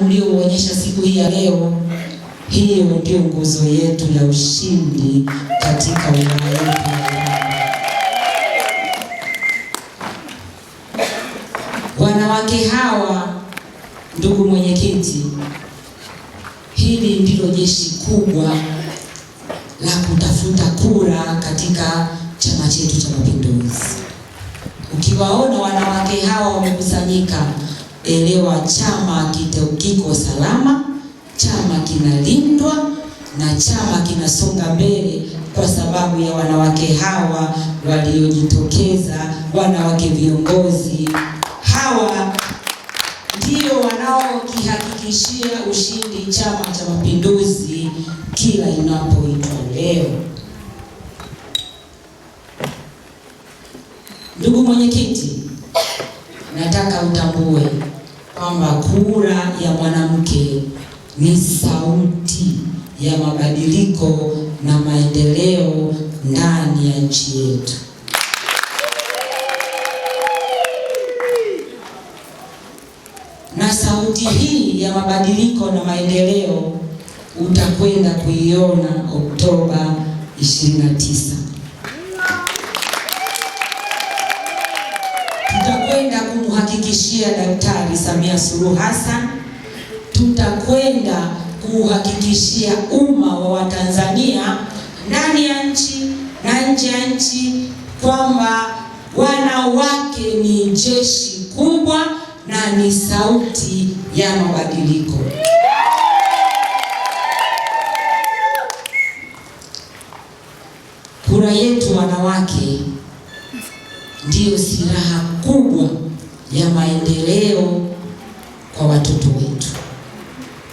uliouonyesha siku hii ya leo. Hiyo ndio nguzo yetu ya ushindi katika wilaya yetu. Wanawake hawa, ndugu mwenyekiti, hili ndilo jeshi kubwa la kutafuta kura katika chama chetu cha Mapinduzi. Ukiwaona wanawake hawa wamekusanyika elewa, chama kiko salama, chama kinalindwa na chama kinasonga mbele kwa sababu ya wanawake hawa waliojitokeza, wanawake viongozi hawa ndio wanaokihakikishia ushindi Chama cha Mapinduzi kila inapoitwa leo. Ndugu mwenyekiti, nataka utambue kwamba kura ya mwanamke ni sauti ya mabadiliko na maendeleo ndani ya nchi yetu. Na sauti hii ya mabadiliko na maendeleo utakwenda kuiona Oktoba 29. tutakwenda kumhakikishia Daktari Samia Suluhu Hassan, tutakwenda kuhakikishia umma wa Watanzania ndani ya nchi na nje ya nchi kwamba wanawake ni jeshi kubwa na ni sauti ya mabadiliko. Kura yetu wanawake ndiyo silaha kubwa ya maendeleo kwa watoto wetu.